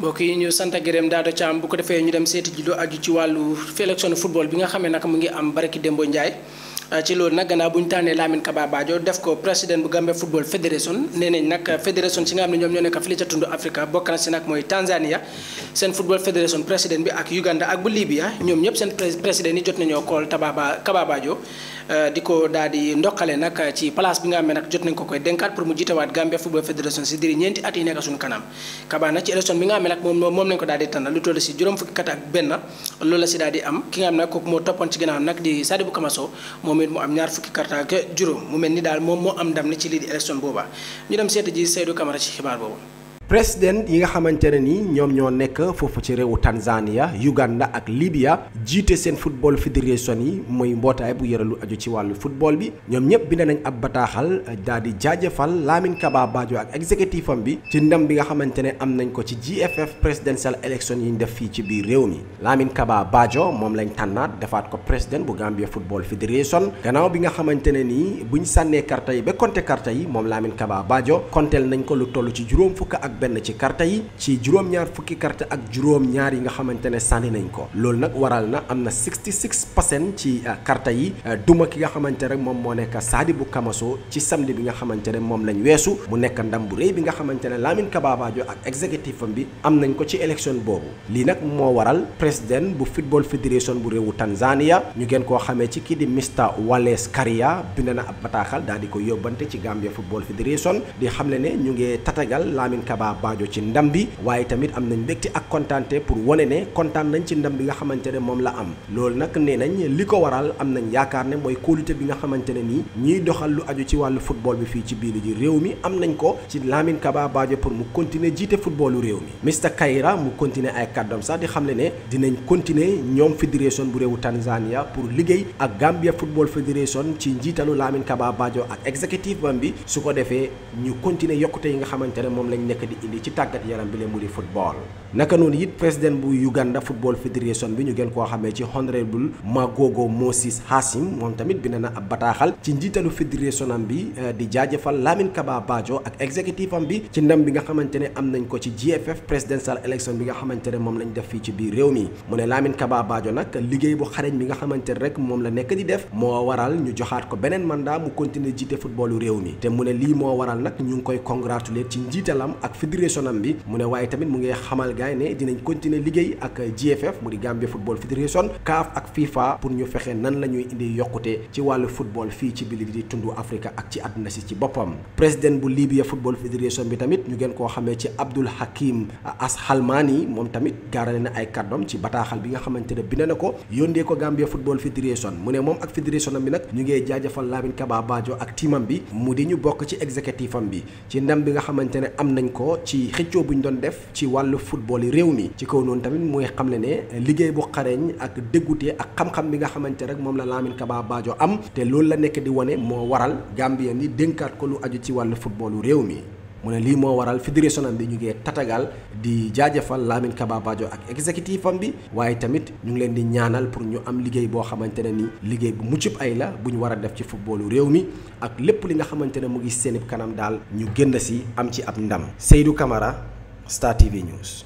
mbokk yi ñu sant gërëm Dado Thiam bu ko defee ñu dem seeti ji aju ci wàllu sélection football bi nga xamee nag mu ngi am barki Dembo njaay Euh, ci loolu nag gannaaw bu ñu tànnee Lamine Kaba Badio def ko président bu Gambia Football Federation nee nañ nag fédération nga xam ne ñoom ñoo nekk fële ca tundu Afrika bokk na si nag mooy Tanzania seen football Federation euh, bi nga xam ne nag ko daal di tànn lu toll si juróom fukki ak benn loolu la daal di am ki nga xam ne nag moo toppoon ci gannaaw nag di Sadibou Kamaso moom moom it mu am ñaar fukki carte ak juróom mu mel ni daal moom moo am ndam ni ci lii di élection booba ñu dem seeta ji Seydou Camara ci xibaar boobu président yi nga xamante ne ni ñoom ñoo nekk foofu ci réewu Tanzania Uganda ak Libya jiite seen football fédération yi muy mbootaay bu yore lu aju ci wàllu football bi ñoom ñëpp bind nañ ab bataaxal daal di jaajëfal Lamine Kaba Badio ak exécutif am bi ci ndam bi nga xamante ne am nañ ko ci GFF presidential election yi ñu def fii ci biir réew mi Lamine Kaba Badio moom lañ tànnaat defaat ko président bu Gambia football fédération gannaaw bi nga xamante ne nii buñ sànnee karta yi ba compter karta yi moom Lamine Kaba Badio konteel nañ ko lu toll ci juróom fukk ak benn ci carte yi ci juróom-ñaar fukki carte ak juróom-ñaar yi nga xamante ne sànni nañ ko loolu nag waral na am na 66 percent ci carte euh, yi euh, duma ki nga xamante rek moom moo nekk Sadibou Kamasso ci samedi bi nga xamante ne moom lañ weesu mu nekk ndam bu rëy bi nga xamante ne Lamin Kababajo ak exécutif am bi am nañ ko ci élection boobu lii nag moo waral président bu football fédération bu réewu Tanzania ñu gën koo xamee ci kii di Mr Wallace Karia bind na ab bataaxal daal di ko yóbbante ci Gambia Football Federation di xamle ne ñu Moussa Badio ci ndam bi waaye tamit am nañ mbégte ak kontaante pour wane ne kontaan nañ ci ndam bi nga xamante ne moom la am loolu nag nee nañ li ko waral am nañ yaakaar ne mooy kóolute bi nga xamante ne nii ñiy doxal lu aju bi fii ci biir ji réew mi am nañ ko ci Lamine Kaba Badio pour mu continuer jiite footballu mi Mr Kayra mu continuer ay kàddoom sax di xamle ne dinañ continuer ñoom fédération bu réewu Tanzania pour liggéey ak Gambia ci njiitalu Lamine Kaba Badio ak exécutif bam bi su ko ne moom lañ nekk di indi ci tàggat yaram bi la mu di football naka noonu it président bu Uganda football fédération bi ñu gën koo xamee ci honorable Magogo Moses Hasim moom tamit bind na ab bataaxal ci njiitalu fédération am bi euh, di jaajëfal Lamin Kaba Bajo ak exécutif am bi ci ndam bi nga xamante ne am nañ ko ci GFF presidential election bi nga xamante ne moom lañ def fii ci biir réew mi mu ne Lamin Kaba Bajo liggéey bu xarañ bi nga xamante ne rek moom la nekk di def moo waral ñu joxaat ko beneen mandat mu continuer jiite footballu réew mi te mu ne lii moo waral nag ñu ngi koy congratuler ci njiitalam ak fédération am bi mu ne waaye tamit mu ngi xamal gaay ne dinañ continuer liggéey ak GFF mu di Gambia Football Federation CAF ak FIFA pour ñu fexe nan la ñuy indi yokkute ci wàllu football fii ci biir di tundu Afrika ak ci àdduna si ci boppam président bu Libya Football Federation bi tamit ñu ngeen koo xamee ci Abdul Hakim Ashalmani moom tamit gaarale na ay kàddoom ci bataaxal bi nga xamante ne bind na ko yónnee ko Gambia Football Federation mu ne moom ak fédération am bi nag ñu ngee jaajëfal Lamin Kaba Bajo ak tiimam bi mu di ñu bokk ci exécutif am bi ci ndam bi nga xamante ne am nañ ko ko ci xëccoo bu ñu doon def ci wàllu football yi réew mi ci kaw noonu tamit mooy xamle ne liggéey bu xareñ ak déggute ak xam-xam bi nga xamante rek moom la Lamine Kaba Badio am te loolu la nekk di wane moo waral Gambien yi dënkaat ko lu aju ci wàllu footballu réew mi mu ne lii moo waral fédération am bi ñu ngee tatagal di jaajafal Lamine Kaba Bajo ak exécutif bi waaye tamit ñu ngi leen di ñaanal pour ñu am liggéey boo xamante ne ni liggéey bu muccub ay la bu ñu war a def ci footballu réew mi ak lépp li nga xamante ne mu ngi seen kanam daal ñu génn si am ci ab ndam Seydou Camara Star TV News